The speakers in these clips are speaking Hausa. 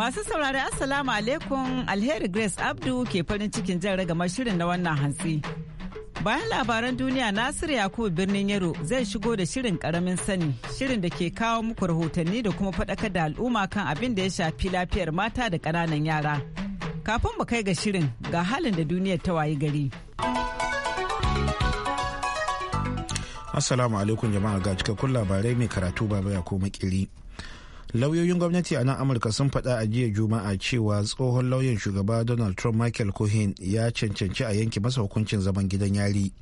Masu saurari Assalamu alaikum Alheri Grace Abdu ke farin cikin jan ragamar shirin na wannan hantsi. Bayan labaran duniya Nasiru Yakubu birnin Yaro zai shigo da shirin karamin sani, shirin da ke kawo muku rahotanni da kuma faɗakar da al'umma kan abin da ya shafi lafiyar mata da kananan yara. Kafin mu kai ga shirin ga halin da duniyar ta wayi gari. Assalamu alaikum jama'a ga cikakkun labarai mai karatu baba ya makiri. lauyoyin gwamnati a nan amurka sun faɗa a jiya juma'a cewa tsohon lauyan shugaba donald trump michael cohen ya cancanci a yanke masa hukuncin zaman gidan yari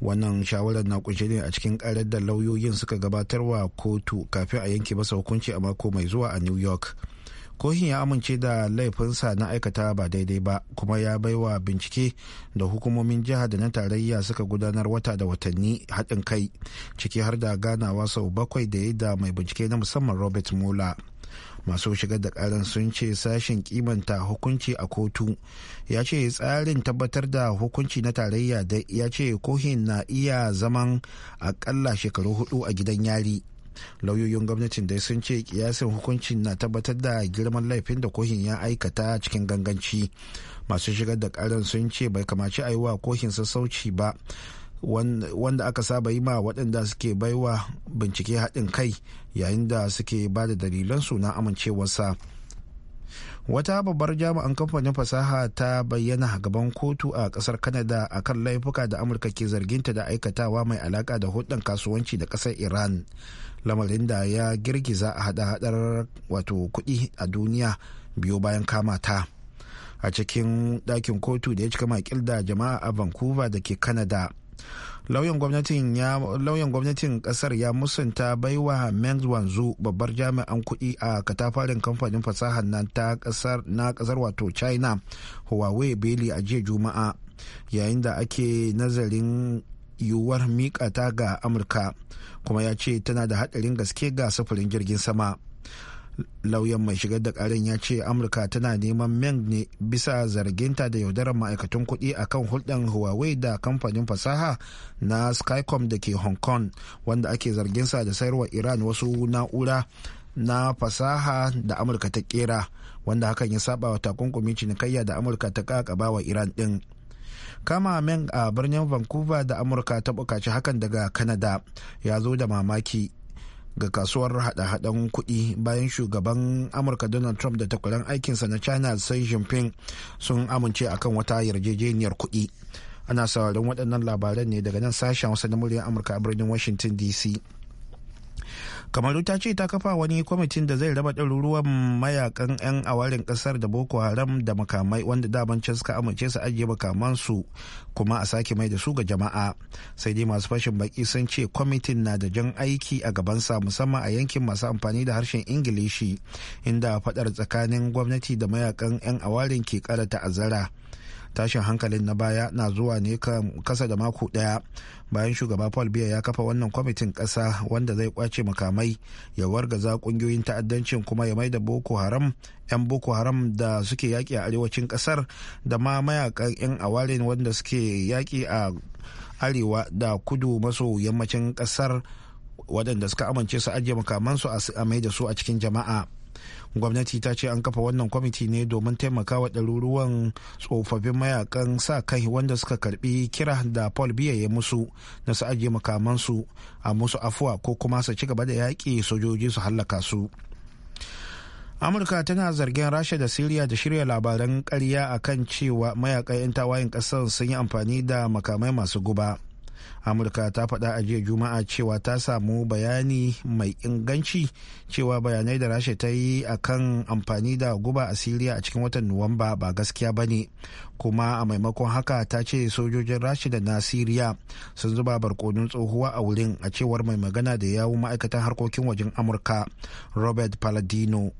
wannan shawarar na kunshe ne a cikin karar da lauyoyin suka gabatar wa kotu kafin a yanke masa hukunci a mako mai zuwa a new york kohin ya amince da laifinsa na aikata ba daidai ba kuma ya baiwa bincike da hukumomin jiha da na tarayya suka gudanar wata da watanni haɗin kai ciki har da ganawa sau bakwai da ya da mai bincike na musamman robert mola masu shigar da ƙarin sun ce sashen kimanta hukunci a kotu ya ce tsarin tabbatar da hukunci na tarayya da ya ce kohin na iya zaman akalla shekaru hudu a gidan yari lauyoyin gwamnatin dai sun ce kiyasin hukuncin na tabbatar da girman laifin da kohin ya aikata cikin ganganci masu shigar da karin sun ce bai kamaci a yi wa kohin sassauci ba wanda aka saba yi ma waɗanda suke baiwa bincike haɗin kai yayin da suke ba da dalilansu na amincewarsa. wata babbar jami'an kamfanin fasaha ta bayyana gaban kotu a kasar canada kan laifuka da amurka ke zarginta da aikatawa mai alaka da hudun kasuwanci da kasar iran lamarin da ya girgiza a hada-hadar wato kudi a duniya biyu bayan kama ta a cikin dakin kotu da ya cika makil da jama'a a vancouver da ke canada lauyan gwamnatin kasar ya musanta baiwa meng wanzu babbar jami'an kuɗi a katafarin kamfanin fasahar nan ta kasar na kasar wato china huawei beli a jiya juma'a yayin da ake nazarin yiwuwar miƙa ta ga amurka kuma ya ce tana da haɗarin gaske ga sufurin jirgin sama lauyan mai shigar da karin ya ce amurka tana neman meng ne bisa zarginta da yaudarar ma'aikatan kuɗi a kan hulɗar huawei da kamfanin fasaha na skycom da ke hong kong wanda ake zarginsa da sayarwa iran wasu na'ura na fasaha da amurka ta kera wanda hakan ya saba wa takunkumin cinikayya da amurka ta kakaba wa iran din kama meng a birnin vancouver da amurka ta bukaci hakan daga canada ya zo da mamaki ga kasuwar hada-hadan kuɗi bayan shugaban amurka donald trump da takwaran aikinsa na china sai jinping sun amince akan wata yarjejeniyar kudi ana sauraron waɗannan labaran ne daga nan sashen wasu na muryar amurka a birnin washington dc kamaru ta ce ta kafa wani kwamitin da zai raba ɗaruruwan mayakan 'yan awarin ƙasar da boko haram da makamai wanda daman can suka amince su ajiye makamansu kuma a sake mai da su ga jama'a sai dai masu fashin baki sun ce kwamitin na da jan aiki a gabansa musamman a yankin masu amfani da harshen ingilishi inda faɗar tsakanin gwamnati da mayakan 'yan awarin ke ƙara ta'azzara. tashin hankalin na baya na zuwa ne kasa da mako daya bayan shugaba paul biya ya kafa wannan kwamitin kasa wanda zai kwace makamai ya wargaza kungiyoyin ta'addancin kuma ya maida boko haram 'yan boko haram da suke yaki a arewacin kasar da ma mayakan 'yan awarin wanda suke yaki a arewa da kudu maso yammacin kasar waɗanda suka amince su ajiye makamansu a mai da su a cikin jama'a. gwamnati ta ce an kafa wannan kwamiti ne domin taimaka wa ɗaruruwan tsofaffin mayakan sa kai wanda suka karbi kira da paul biya ya musu na su ajiye makamansu a musu afuwa ko kuma su ci gaba da yaƙi sojoji su hallaka su amurka tana zargin rasha da siriya da shirya labaran karya akan cewa mayakan 'yan tawayen ƙasar sun yi amfani da makamai masu guba amurka ta faɗa a jiya juma'a cewa ta samu bayani mai inganci cewa bayanai da rasha ta yi a kan amfani da guba a siriya a cikin watan nuwamba ba gaskiya ba ne kuma a maimakon haka ta ce sojojin rasha da na siriya sun zuba barkonin tsohuwa a wurin a cewar mai magana da yawun ma'aikatan harkokin wajen amurka robert paladino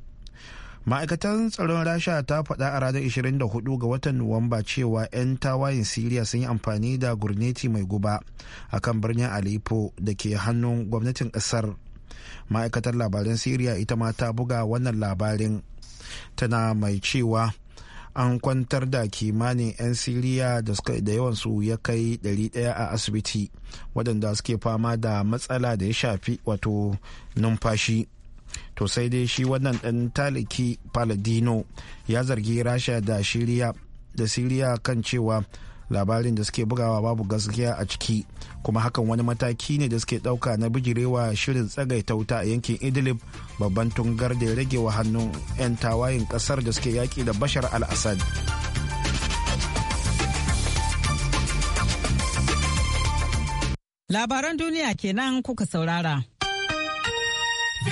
ma'aikatan tsaron rasha ta faɗa a ranar 24 ga watan nuwamba cewa 'yan tawayen siriya sun yi amfani da gurneti mai guba a kan birnin aleppo da ke hannun gwamnatin ƙasar ma'aikatar labaran siriya ita ma ta buga wannan labarin tana mai cewa an kwantar da kimanin 'yan siriya da yawansu ya kai 100 a asibiti waɗanda suke fama da matsala da ya shafi wato numfashi. to sai dai shi wannan ɗan taliki paladino ya zargi rasha da shirya da siriya kan cewa labarin da suke bugawa babu gaskiya a ciki kuma hakan wani mataki ne da suke ɗauka na bijirewa shirin tsagaita wuta a yankin idlib babban tungar da ya rage wa hannun 'yan tawayin ƙasar da suke yaƙi da bashar al-assad labaran duniya kenan kuka saurara To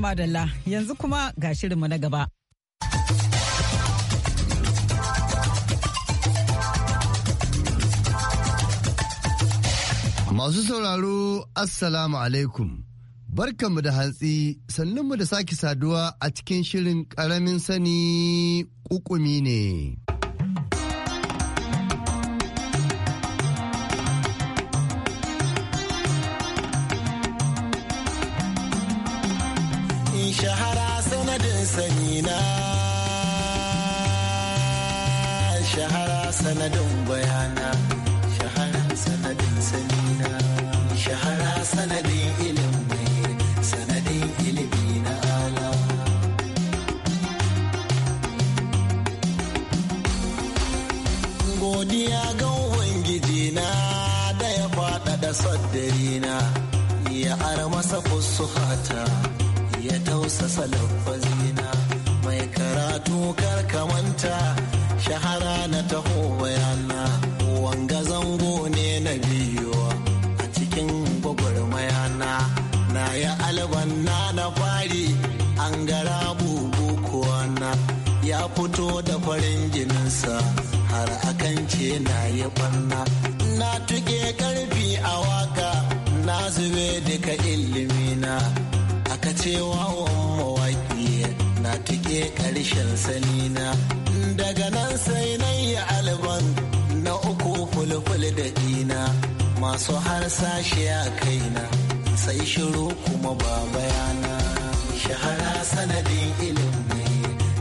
madalla yanzu kuma ga shirinmu na gaba. Masu sauraro Assalamu alaikum. Barkanmu da hantsi, sannunmu da sake saduwa a cikin shirin ƙaramin sani ƙuƙumi ne. shahara sanadin sanina shahara sanadin bayana saddarina ya ara masa fusuhata ya tausasa lafazina mai karatu karkamanta shahara na taho bayana wanga zango ne na biyu a cikin gwagwarmayana na ya albanna na fari an gara bugu kuwana ya fito da farin jininsa har akan ce na yi banna na tuge zube duka ilimina aka ce wawan mawaƙi na tuke ƙarshen sanina daga nan sai na yi alban na uku fulful da dina masu harsashe a kaina sai shiru kuma ba bayana shahara sanadin ilimi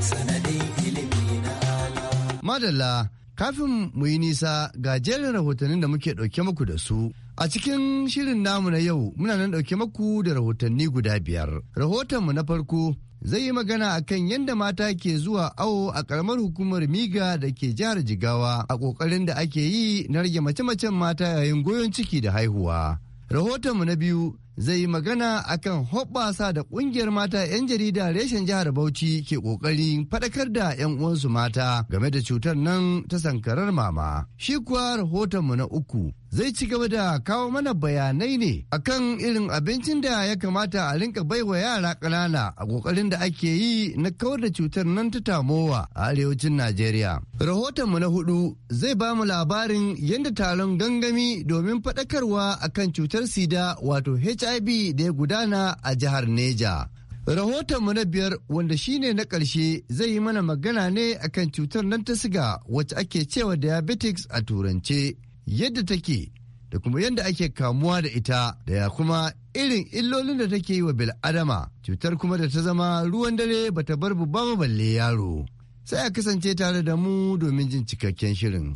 sanadin ilimi na ala madalla kafin mu yi nisa ga jerin rahotannin da muke ɗauke muku da su A cikin shirin namu na yau muna nan ɗauke maku da rahotanni guda biyar. Rahotonmu na farko zai yi magana a kan yadda mata ke zuwa awo a ƙaramar hukumar Miga da ke jihar Jigawa a ƙoƙarin da ake yi na rage mace-macen mata yayin goyon ciki da haihuwa. Rahotonmu na biyu zai yi magana akan hoɓɓasa da ƙungiyar mata 'yan jarida reshen jihar Bauchi ke ƙoƙarin faɗakar da 'yan uwansu mata game da cutar nan ta sankarar mama. Shi kuwa rahotonmu na uku zai ci gaba da kawo mana bayanai ne akan irin abincin da ya kamata a rinka baiwa yara ƙanana a ƙoƙarin da ake yi na kawar da cutar nan ta tamowa a arewacin Najeriya. Rahotonmu na hudu zai ba mu labarin yadda taron gangami domin faɗakarwa akan cutar sida wato HIV hiv da ya gudana a jihar neja rahotonmu na biyar wanda shine na ƙarshe zai yi mana magana ne akan cutar nan ta siga wacce ake cewa diabetics a turance yadda take da kuma yadda ake kamuwa da ita da ya kuma irin illolin da take yi wa bil'adama cutar kuma da ta zama ruwan dare bata bar ba balle yaro sai a kasance tare da mu domin jin cikakken shirin.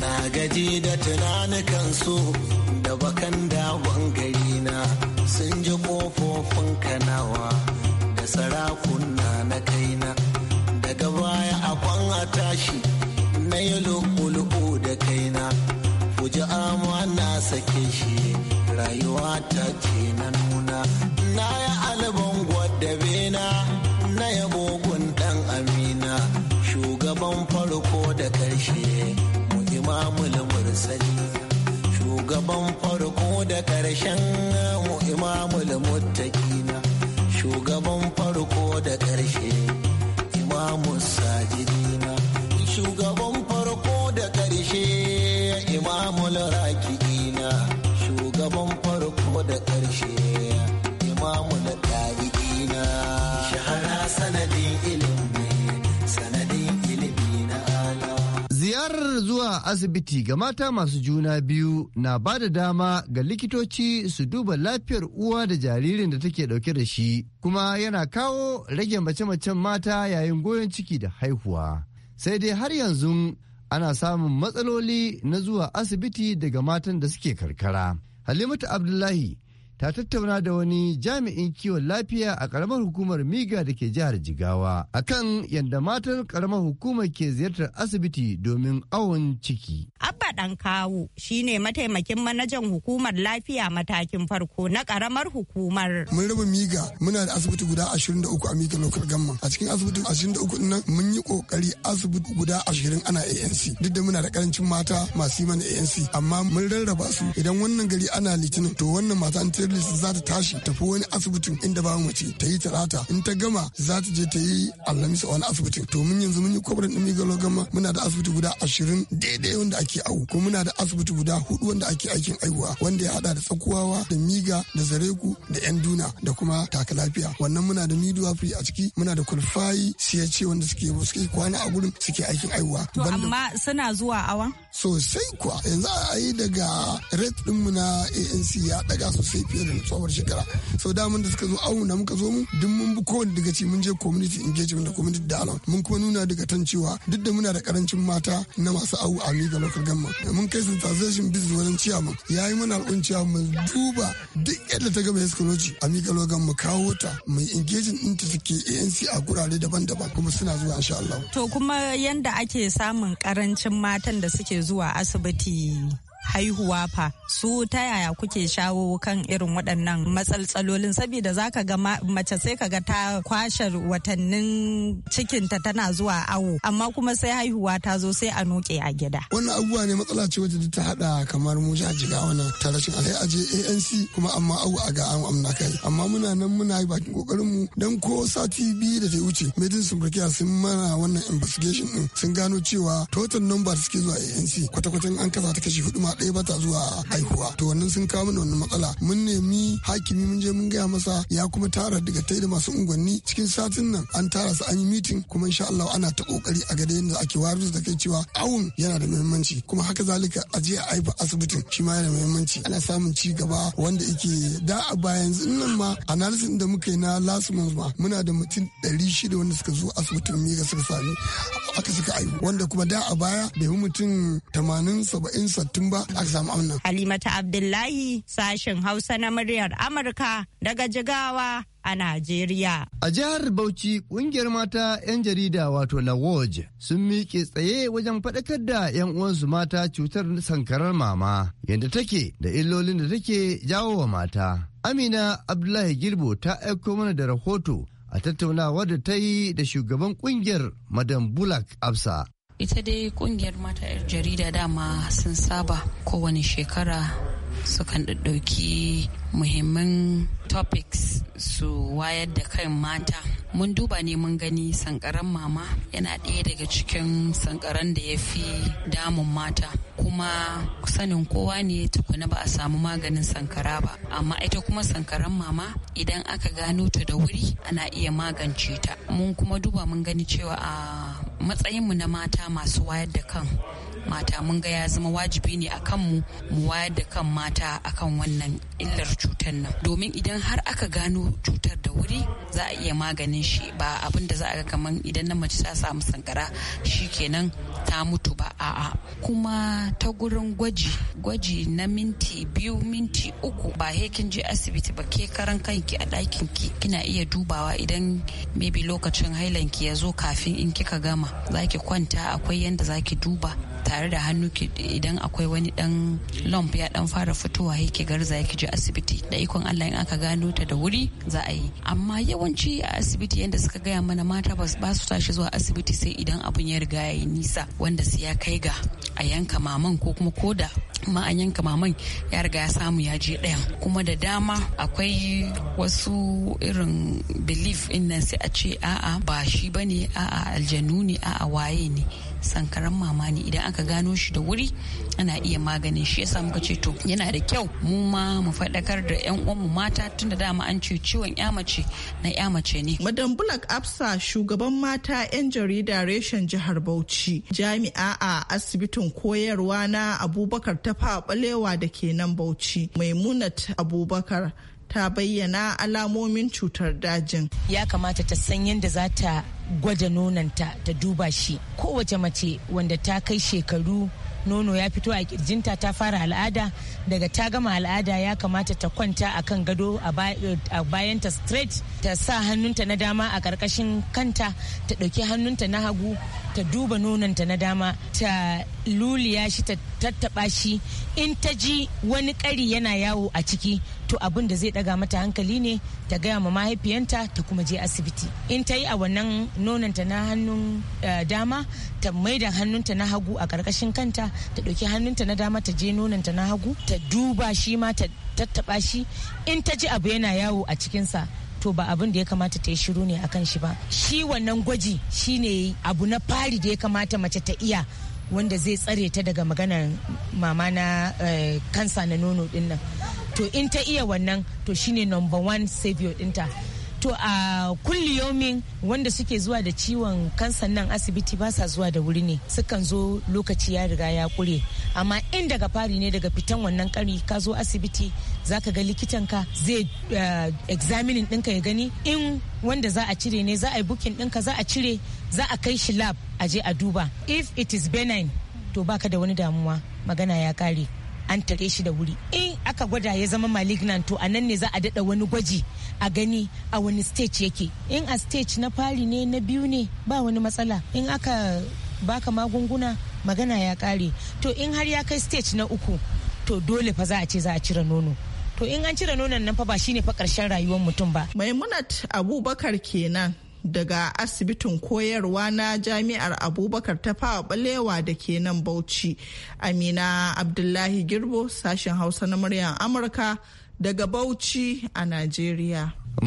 na gaji da tunanin su da bakan dawon gari na sun ji kofofin kanawa da sarakuna na kaina daga baya akwan a tashi na yi lukuluku da kaina fuji ama na sake shi rayuwa ta ce na nuna na yi alban asali shugaban farko da ƙarshen mu imamul muttaqina shugaban farko da ƙarshe imamu sajidina shugaban farko da ƙarshe imamul raki'ina shugaban farko da ƙarshe imamul ɗari'ina shahara sanadin ilimi zuwa asibiti ga mata masu juna biyu na ba da dama ga likitoci su duba lafiyar uwa da jaririn da take dauke da shi kuma yana kawo rage mace-macen mata yayin goyon ciki da haihuwa sai dai har yanzu ana samun matsaloli na zuwa asibiti daga matan da suke karkara halimatu abdullahi ta tattauna da wani jami'in kiwon lafiya a karamar hukumar miga da ke jihar jigawa akan yadda matar karamar hukumar ke ziyartar asibiti domin awon ciki abba dan kawo shine mataimakin manajan hukumar lafiya matakin farko na karamar hukumar mun raba miga muna da asibiti guda 23 a miga local gamma a cikin asibiti 23 nan mun yi kokari asibiti guda 20 ana anc duk da muna da karancin mata masu yi mana anc amma mun rarraba su idan wannan gari ana litinin to wannan mata an Idris za ta tashi tafi wani asibitin inda ba mace ta yi talata in ta gama za ta je ta yi alhamis a wani asibitin to mun yanzu mun yi kwabarin ɗin migalo gama muna da asibiti guda ashirin daidai wanda ake awu kuma muna da asibiti guda hudu wanda ake aikin aihuwa wanda ya haɗa da tsakuwawa da miga da zareku da yan duna da kuma taka lafiya wannan muna da midwifery a ciki muna da kulfayi siyace wanda suke suke kwana a gurin suke aikin aihuwa. To amma suna zuwa awa? sosai kuwa yanzu a yi daga rate dinmu na anc ya daga sosai fiye da tsohuwar shekara sau mun da suka zo auna muka zo mu duk mun bi kowane daga ci mun je community engagement da community dialogue mun kuma nuna daga tan cewa duk da muna da karancin mata na masu awu a miga local government mun kai sensitization business wajen mu ya yi mana alƙun mu duba duk yadda ta gama escroci a miga local mu kawo ta mai engaging din ta take anc a gurare daban-daban kuma suna zuwa insha Allah. to kuma yanda ake samun karancin matan da suke zuwa asibiti haihuwa fa su ta yaya kuke shawo kan irin waɗannan matsaltsalolin saboda za ka ga mace sai ka ga ta kwashe watannin cikinta tana zuwa awo amma kuma sai haihuwa ta zo sai a noke a gida. Wannan abubuwa ne matsala ce wacce ta haɗa kamar mu sha jiga wannan tarashin rashin alai ANC kuma amma awo a ga an amna kai amma muna nan muna yi bakin kokarin mu dan ko sati biyu da ta wuce medin sun sun mana wannan investigation din sun gano cewa total number suke zuwa ANC kwata-kwatan an kasa ta kashi hudu ma ɗaya ba ta zuwa haihuwa to wannan sun kawo mana wannan matsala mun nemi hakimi mun je mun gaya masa ya kuma tara daga tai da masu unguwanni cikin satin nan an tara su an yi mitin kuma insha Allah ana ta kokari a gada yadda ake wayar da kai cewa awun yana da muhimmanci kuma haka zalika a je a haifa asibitin shi ma yana da muhimmanci ana samun ci gaba wanda yake da a bayan nan ma analysis da muka yi na last month ma muna da mutum 600 wanda suka zo asibitin miga suka sami aka suka aihu. wanda kuma da a baya bai mutum 80 70 sattin ba samu Halimata Abdullahi sashen Hausa na muryar Amurka daga Jigawa a Najeriya. A jihar Bauchi ƙungiyar mata 'yan jarida wato Lawoj sun miƙe tsaye wajen faɗakar da 'yan uwansu mata cutar sankarar mama yadda take da illolin da take jawo wa mata. Amina Abdullahi Gilbo ta aiko mana da rahoto a tattaunawar da ta yi da shugaban ƙungiyar Madam Bulak Absa. ita dai kungiyar mata 'yar jarida dama sun saba kowane shekara sukan ɗauki muhimmin topics su wayar da kan mata mun duba ne mun gani sankaran mama yana ɗaya daga cikin sankaran da ya fi damun mata kuma sanin kowa ne tukuna ba a samu maganin sankara ba amma ita kuma sankaran mama idan aka gano ta da wuri ana iya magance ta mun kuma duba mun gani cewa a matsayinmu na mata masu wayar da kan mata mun ga ya zama wajibi ne a kanmu mu wayar da kan mata akan wannan illar cutar nan domin idan har aka gano cutar da wuri za a iya maganin shi ba abin da za a ga kamar idan na mace ta samu sankara shi kenan ta mutu ba a'a kuma ta gurin gwaji gwaji na minti biyu minti uku ba hekin je asibiti ba ke karan kanki a ɗakin ki kina iya dubawa idan maybe lokacin hailan ki ya zo kafin in kika gama zaki kwanta akwai yanda zaki duba tare da hannu idan akwai wani dan lump ya dan fara fitowa ya ki garza ki je asibiti da ikon Allah in aka gano ta da wuri za a yi amma yawanci a asibiti yadda suka gaya mana mata ba su tashi zuwa asibiti sai idan abun ya riga ya yi nisa wanda su ya kai ga a yanka maman ko kuma koda ma an yanka maman ya riga ya samu ya je ɗaya kuma da dama akwai wasu irin belief in nan sai a ce a'a ba shi bane a'a aljanu ne a'a waye ne sankaran mama ne idan aka gano shi da wuri ana iya maganin shi yasa muka ce to yana da kyau mu ma mu faɗakar da yan uwanmu mata tunda da dama an ce ciwon ya mace na ya mace ne. Madam Bulak Absa shugaban mata 'yan jarida reshen jihar Bauchi jami'a a asibitin koyarwa na Abubakar tafa balewa da ke nan Bauchi Maimunat Abubakar ta bayyana alamomin cutar dajin. Ya kamata ta san yadda za ta gwada nonanta ta duba shi kowace mace wanda ta kai shekaru nono ya fito a kirjinta ta fara al'ada daga ta gama al'ada ya kamata ta kwanta a kan gado a bayanta straight ta sa hannunta na dama a ƙarƙashin kanta ta ɗauki hannunta na hagu ta duba nononta na dama ta luliya shi ta tattaɓa shi in ta ji wani ƙari yana yawo a ciki to abin da zai daga mata hankali ne ta gaya ma mahaifiyanta ta kuma je asibiti in ta yi a wannan nonanta na hannun eh, dama ta maida hannunta na hagu a karkashin kanta ta ɗauki hannunta na dama ta je nonanta na hagu ta duba shi ma ta tattaɓa shi in ta ji abu yana yawo a cikinsa to ba abin da ya kamata ta yi shiru ne akan shi ba shi wannan gwaji shi ne abu na fari da ya kamata mace ta iya wanda zai tsare ta daga maganar mama na eh, kansa na nono dinnan. to in ta iya wannan to shine number one savior dinta to a kulli yomin wanda suke zuwa da ciwon kansan nan asibiti ba sa zuwa da wuri ne sukan zo lokaci ya riga ya kure amma in daga fari ne daga fitan wannan kari ka zo asibiti za ka ga likitanka zai eh, examining ɗinka ya gani in wanda za a cire ne za a yi bukin ɗinka za a cire za a kai shi lab a je a duba if it is benign to baka da wani damuwa magana ya kare an tare shi da wuri in aka gwada ya zama malignant a nan ne za a daɗa wani gwaji a gani a wani stage yake in a stage na fari ne na biyu ne ba wani matsala in aka baka magunguna magana ya kare to in har ya kai stage na uku to dole fa za a ce za a cire nono to in an cire nonon nan fa ba shine fa karshen rayuwar mutum ba maimunat abubakar kenan daga asibitin koyarwa na jami'ar abubakar ta fawa balewa da ke nan bauchi amina abdullahi girbo sashen hausa na murya'n amurka daga bauchi a najeriya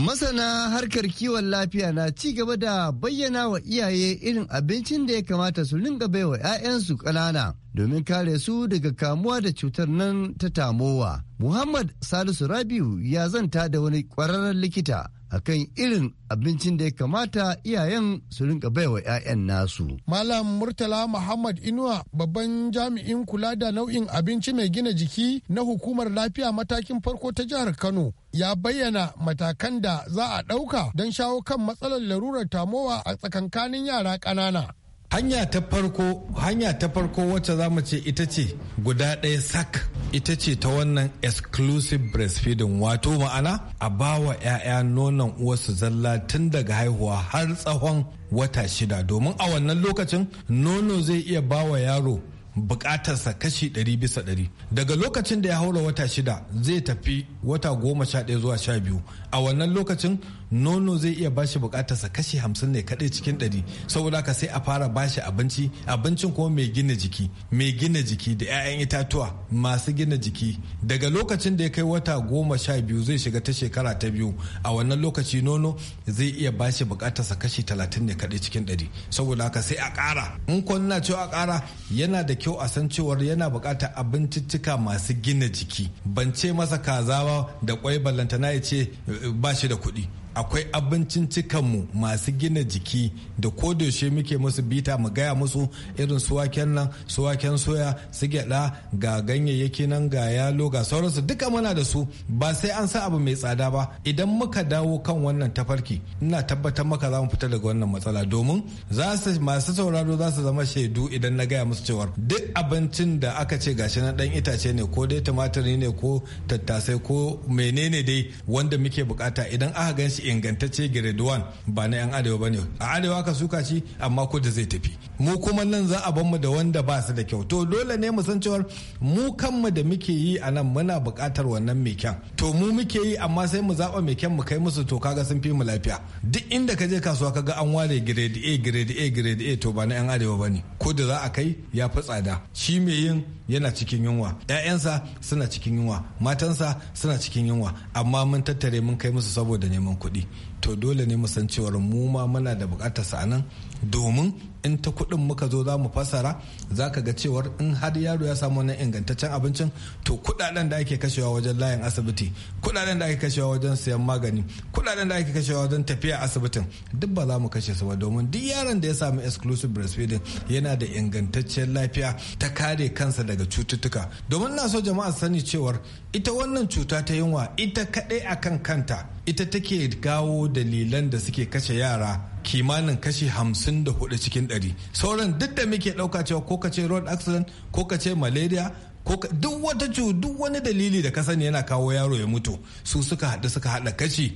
masana harkar kiwon lafiya na ci gaba da bayyana wa iyaye irin abincin da ya kamata su ringa baiwa 'ya'yansu kanana domin kare su daga kamuwa da cutar nan ta tamowa muhammad salisu rabiu ya zanta da wani kwararren likita akan irin abincin da ya kamata iyayen su rinka baiwa 'ya'yan nasu. Malam Murtala Muhammad Inuwa babban jami'in kula da nau'in abinci mai gina jiki na hukumar lafiya matakin farko ta jihar Kano ya bayyana matakan da za a ɗauka don shawo kan matsalar larurar tamowa a tsakankanin yara ƙanana. Hanya ta farko, hanya ta farko wacce za mu ce ita ce guda ɗaya sak ita ce ta wannan exclusive breastfeeding wato ma'ana a bawa 'ya'ya nonon uwarsu zalla tun daga haihuwa har tsawon wata shida domin a wannan lokacin nono zai iya bawa yaro bukatarsa kashi 100 bisa 100 daga lokacin da ya haura wata shida zai tafi wata goma sha ɗaya zuwa sha biyu a wannan lokacin nono zai iya bashi bukatarsa kashi hamsin ne kadai cikin ɗari saboda ka sai a fara bashi abinci abincin kuma mai gina jiki mai gina jiki da 'ya'yan itatuwa masu gina jiki daga lokacin da ya kai wata goma sha biyu zai shiga ta shekara ta biyu a wannan lokaci nono zai iya bashi bukatarsa kashi talatin ne kadai cikin ɗari saboda ka sai a ƙara in ko na cewa a ƙara yana da kyau a san cewar yana bukatar abinciccika masu gina jiki ban ce masa kaza ba da kwai ballantana ya ce ba shi da kuɗi akwai abincin cikanmu masu gina jiki da kodoshe muke musu bita mu gaya musu irin su waken nan su soya su gyada ga ganyayyaki nan ga yalo ga sauransu duka muna da su ba sai an sa abu mai tsada ba idan muka dawo kan wannan tafarki ina tabbatar maka za mu fita daga wannan matsala domin za su masu sauraro za su zama shaidu idan na gaya musu cewar duk abincin da aka ce gashi na dan itace ne ko dai tumatiri ne ko tattasai ko menene dai wanda muke bukata idan aka gan ingantacce grade wan ba na yan arewa bane a arewa ka suka shi amma kudu zai tafi mu kuma nan za a mu da wanda ba su da kyau to dole ne mu san cewar mu kanmu da muke yi a nan muna buƙatar wannan mai kyan to mu muke yi amma sai mu zaɓa mai kyan mu kai musu to kaga sun fi mu lafiya duk inda ka je kasuwa kaga an ware grade A grade A grade A to ba na yan arewa bane kudu za a kai ya fi tsada shi mai yin yana cikin yunwa 'ya'yansa suna cikin yunwa matansa suna cikin yunwa amma mun tattare mun kai musu saboda neman kuɗi kuɗi to dole ne mu san cewar mu ma muna da buƙatar sa nan domin in ta kuɗin muka zo za mu fasara za ka ga cewar in har yaro ya samu wannan ingantaccen abincin to kuɗaɗen da ake kashewa wajen layin asibiti kuɗaɗen da ake kashewa wajen sayan magani kuɗaɗen da ake kashewa wajen tafiya asibitin duk ba za mu kashe su ba domin duk yaron da ya samu exclusive breastfeeding yana da ingantacciyar lafiya ta kare kansa daga cututtuka domin na so jama'a sani cewar ita wannan cuta ta yunwa ita kadai akan kanta ita take gawo dalilan da suke kashe yara kimanin kashi hamsin da hudu cikin ɗari sauran duk da muke ɗauka cewa ko kace road accident ko kace malaria ko duk wata cu duk wani dalili da ka sani yana kawo yaro ya mutu su suka haɗu suka haɗa kashi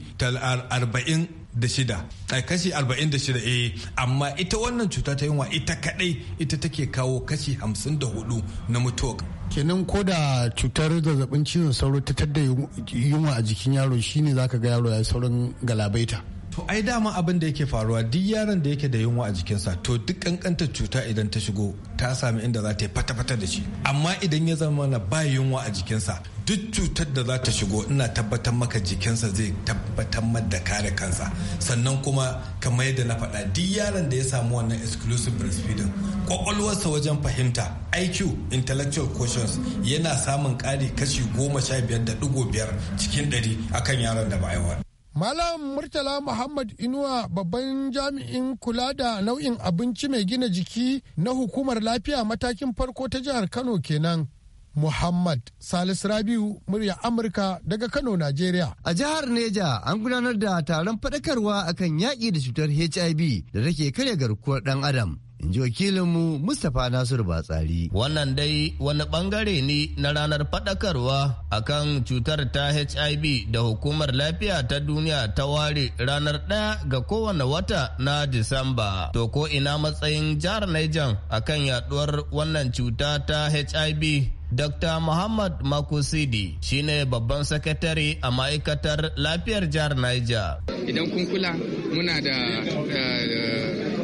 arba'in da shida a kashi arba'in da shida eh amma ita wannan cuta ta yunwa ita kadai ita take kawo kashi hamsin da hudu na mutuwa kenan ko da cutar zazzabin cizon sauro ta tadda yunwa a jikin yaro shine zaka ga yaro ya saurin galabaita to ai dama abin da yake faruwa duk yaron da yake da yunwa a jikinsa to duk kankantar cuta idan ta shigo ta sami inda za ta yi fata-fata da shi amma idan ya zama na ba yunwa a jikinsa duk cutar da za ta shigo ina tabbatar maka jikinsa zai tabbatar da kare kansa sannan kuma kamar yadda na faɗa duk yaron da ya samu wannan exclusive breastfeeding kwakwalwarsa wajen fahimta iq intellectual quotients yana samun ƙari kashi goma sha biyar da ɗigo biyar cikin ɗari akan yaron da ba Malam Murtala Muhammad Inuwa babban jami'in kula da nau'in abinci mai gina jiki na hukumar lafiya matakin farko ta jihar Kano kenan. Muhammad Salisu Rabiu murya Amurka daga Kano, Najeriya. A jihar Neja an gudanar da taron fadakarwa akan yaƙi da cutar HIV da take karya garkuwar ɗan Adam. in ji wakilinmu Mustapha Nasiru Batsari. Wannan dai wani bangare ne na ranar faɗakarwa akan cutar ta HIV da hukumar lafiya ta duniya ta ware ranar ɗaya ga kowane wata na Disamba. To ko ina matsayin jihar Niger akan yaduwar wannan cuta ta HIV Dr. Muhammad Makusidi shine babban sakatare a ma'aikatar lafiyar jihar Niger. Idan kun kula muna da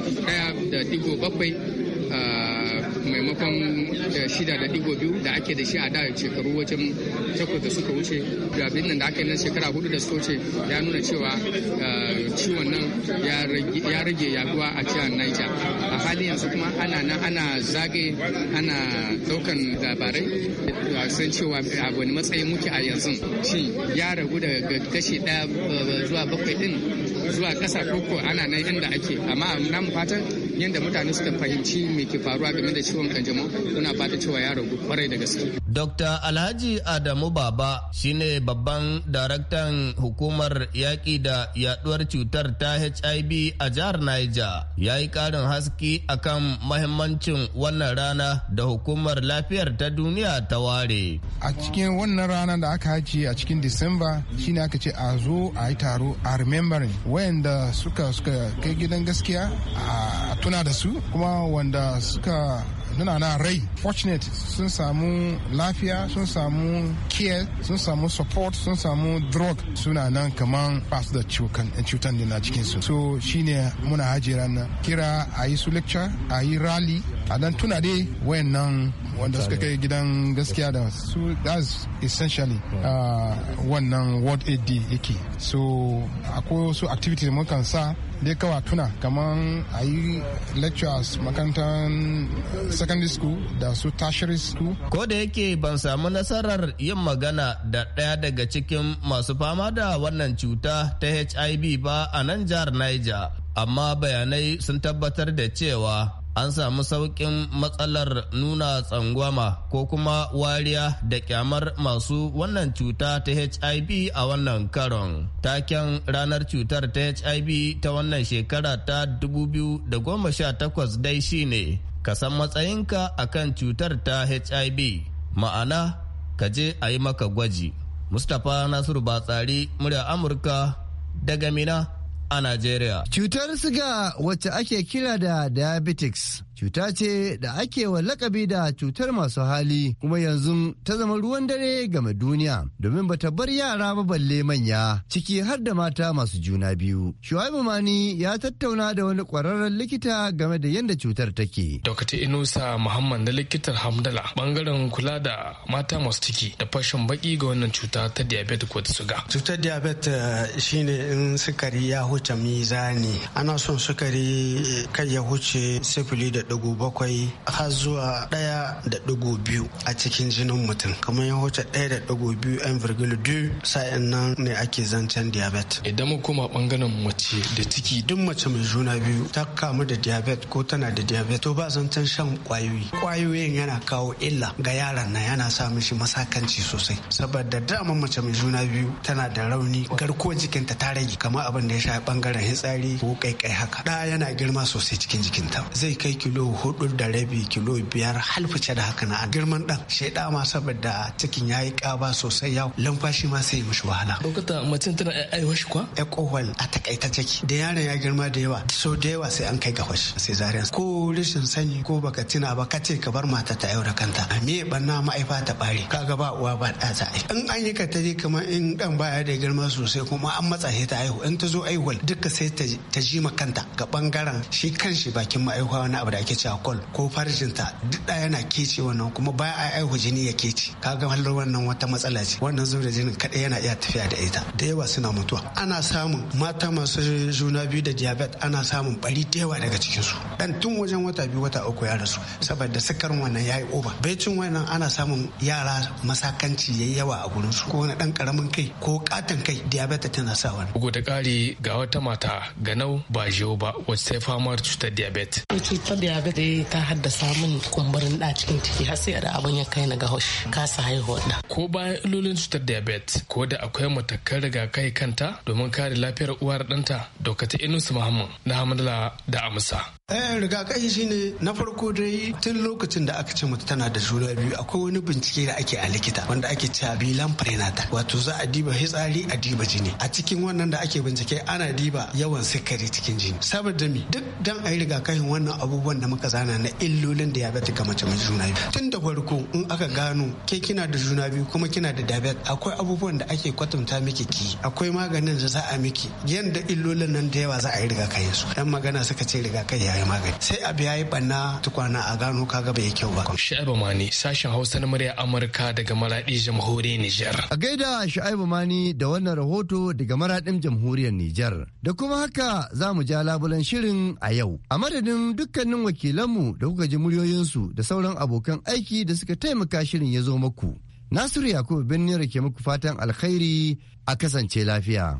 ɗaya eh, da digo bakwai eh, maimakon eh, shida da digo biyu da ake da shi a da shekaru wajen takwas da suka wuce abin nan da aka yi na shekara hudu da suka wuce ya nuna cewa ciwon nan ya rage yaduwa a jihar Niger a halin yanzu kuma ana nan ana zage ana daukan labarai a san cewa a wani matsayin muke a yanzu shin ya ragu daga kashi ɗaya eh, zuwa bakwai din zuwa ƙasa koko ana nan inda ake amma na fatan yadda mutane suka fahimci me ke faruwa game da ciwon kanjamau muna fata cewa ya ragu kwarai da gaske. Dr. Alhaji Adamu Baba shine babban daraktan hukumar yaƙi da yaduwar cutar ta HIV a jihar Niger ya yi ƙarin haske akan mahimmancin wannan rana da hukumar lafiyar ta duniya najeriya ta ware a cikin wannan rana da aka haji a cikin disamba shine aka ce a zo a yi taro a remembering wayanda suka suka kai gidan gaskiya a tuna da su kuma wanda suka nuna na rai fortunate sun samu lafiya sun samu care sun samu support sun samu drug suna nan kaman basu da cutan da na cikinsu so shine muna hajjera kira a yi su lecture a yi rally a nan tuna dai nan wanda suka kai gidan gaskiya da su that's essentially hmm. wannan world aid yake so akwai wasu activity da mukan sa dai kawa tuna kamar a yi lectures makarantar secondary school da su tertiary school. Ko da yake ban samu nasarar yin magana da ɗaya daga cikin masu fama da wannan cuta ta HIV ba a nan jihar Niger, amma bayanai sun tabbatar da cewa an samu sauƙin matsalar nuna tsangwama ko kuma wariya da kyamar masu wannan cuta ta hiv a wannan karon taken ranar cutar ta hiv ta wannan shekara ta 2018 dai shine ka san matsayinka akan cutar ta hiv ma'ana ka je a yi maka gwaji mustapha nasiru batsari murya amurka daga mina a Najeriya. Cutar siga wacce ake kira da diabetics cuta ce da ake wa lakabi da cutar masu hali kuma yanzu ta zama ruwan dare game duniya domin ba ta bar yara ba balle manya ciki har da mata masu juna biyu. Shuaibu Mani ya tattauna da wani kwararren likita game da yadda cutar take. Dokta Inusa Muhammad na likitar Hamdala bangaren kula da mata masu ciki da fashin baki ga wannan cuta ta diabetes ko ta suga. Cutar diabetes eh, shine in sukari ya huce mizani ana son sukari eh, kai ya huce sifili da bakwai har zuwa ɗaya da biyu a cikin jinin mutum kamar ya wuce ɗaya da ɗigo biyu yan virgil du sa'in nan ne ake zancen diabet idan mu koma bangaren mace da ciki duk mace mai juna biyu ta kamu da diabet ko tana da diabet to ba zancen shan kwayoyi kwayoyin yana kawo illa ga yaran na yana sa mishi masakanci sosai saboda dama mace mai juna biyu tana da rauni garkuwar jikinta ta rage kamar abin da ya sha bangaren hitsari ko kai kai haka da yana girma sosai cikin jikinta zai kai kilo kilo hudu da rabi kilo biyar halfice da haka na girman dan da ma saboda cikin yayi kaba sosai ya lamfashi ma sai mishi wahala dokta macen tana ai washi kwa kohol a takaita take da yaron ya girma da yawa so da yawa sai an kai ga washi sai zariya ko rishin sani ko baka tuna ba kace ka bar mata ta yau da kanta a me banna ma'aifa ta bare kaga ba uwa ba da ta in an yi ka ta kamar in dan baya da girma sosai kuma an matsa ta aihu in ta zo aihuwal duka sai ta ji ma kanta ga bangaren shi kanshi bakin ma'aihuwa wani abu da ake cewa kol ko ta duk da yana kece wannan kuma baya a aihu jini ya kece kaga hallar wannan wata matsala ce wannan da jinin kaɗai yana iya tafiya da ita da yawa suna mutuwa ana samun mata masu juna biyu da diabetes ana samun bari da yawa daga cikin su dan tun wajen wata biyu wata uku ya rasu saboda sukar wannan yayi oba cin wannan ana samun yara masakanci yayi yawa a gurin su ko wani dan karamin kai ko katon kai diabetes tana sa wani bugu da kari ga wata mata ganau ba jiyo ba wacce ta fama cutar diabet cutar ga dai ta haddasa min kumburin da cikin ciki har sai da abin ya kai na ga hosh kasa haihuwa da ko bayan illolin cutar diabetes ko da akwai matakan kai kanta domin kare lafiyar uwar ɗanta dokata inusu muhammad na hamdala da amsa Eh rigakafi shine na farko dai tun lokacin da aka ce mutu tana da juna biyu akwai wani bincike da ake a likita wanda ake cewa bilan prenatal wato za a diba hitsari a diba jini a cikin wannan da ake bincike ana diba yawan sukari cikin jini saboda mi duk dan ayi rigakafin wannan abubuwan da muka zana na illolin da diabetic ga mace mai juna biyu tun da farko in aka gano ke kina da juna biyu kuma kina da diabetes akwai abubuwan da ake kwatanta miki ki akwai maganin da za a miki yanda illolin nan da yawa za a yi rigakafin su dan magana suka ce rigakafi kare magani sai abu ya yi banna tukwana a gano kaga bai yi kyau ba sha'ibu mani sashen hausa na murya amurka daga maradi jamhuriyar nijar a gaida sha'ibu mani da wannan rahoto daga maraɗin jamhuriyar nijar da kuma haka za mu ja labulan shirin a yau a madadin dukkanin wakilanmu da kuka ji muryoyinsu da sauran abokan aiki da suka taimaka shirin ya zo muku nasiru yakubu birnin ke muku fatan alkhairi a kasance lafiya.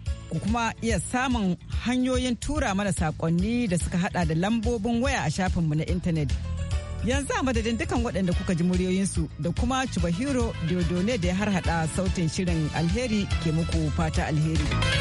ku kuma iya samun hanyoyin tura mana sakonni da suka hada da lambobin waya a shafinmu na intanet. Yanzu a madadin dukan waɗanda kuka ji muryoyinsu da kuma Chubahiro Diodone da ya harhaɗa sautin shirin alheri ke muku fata alheri.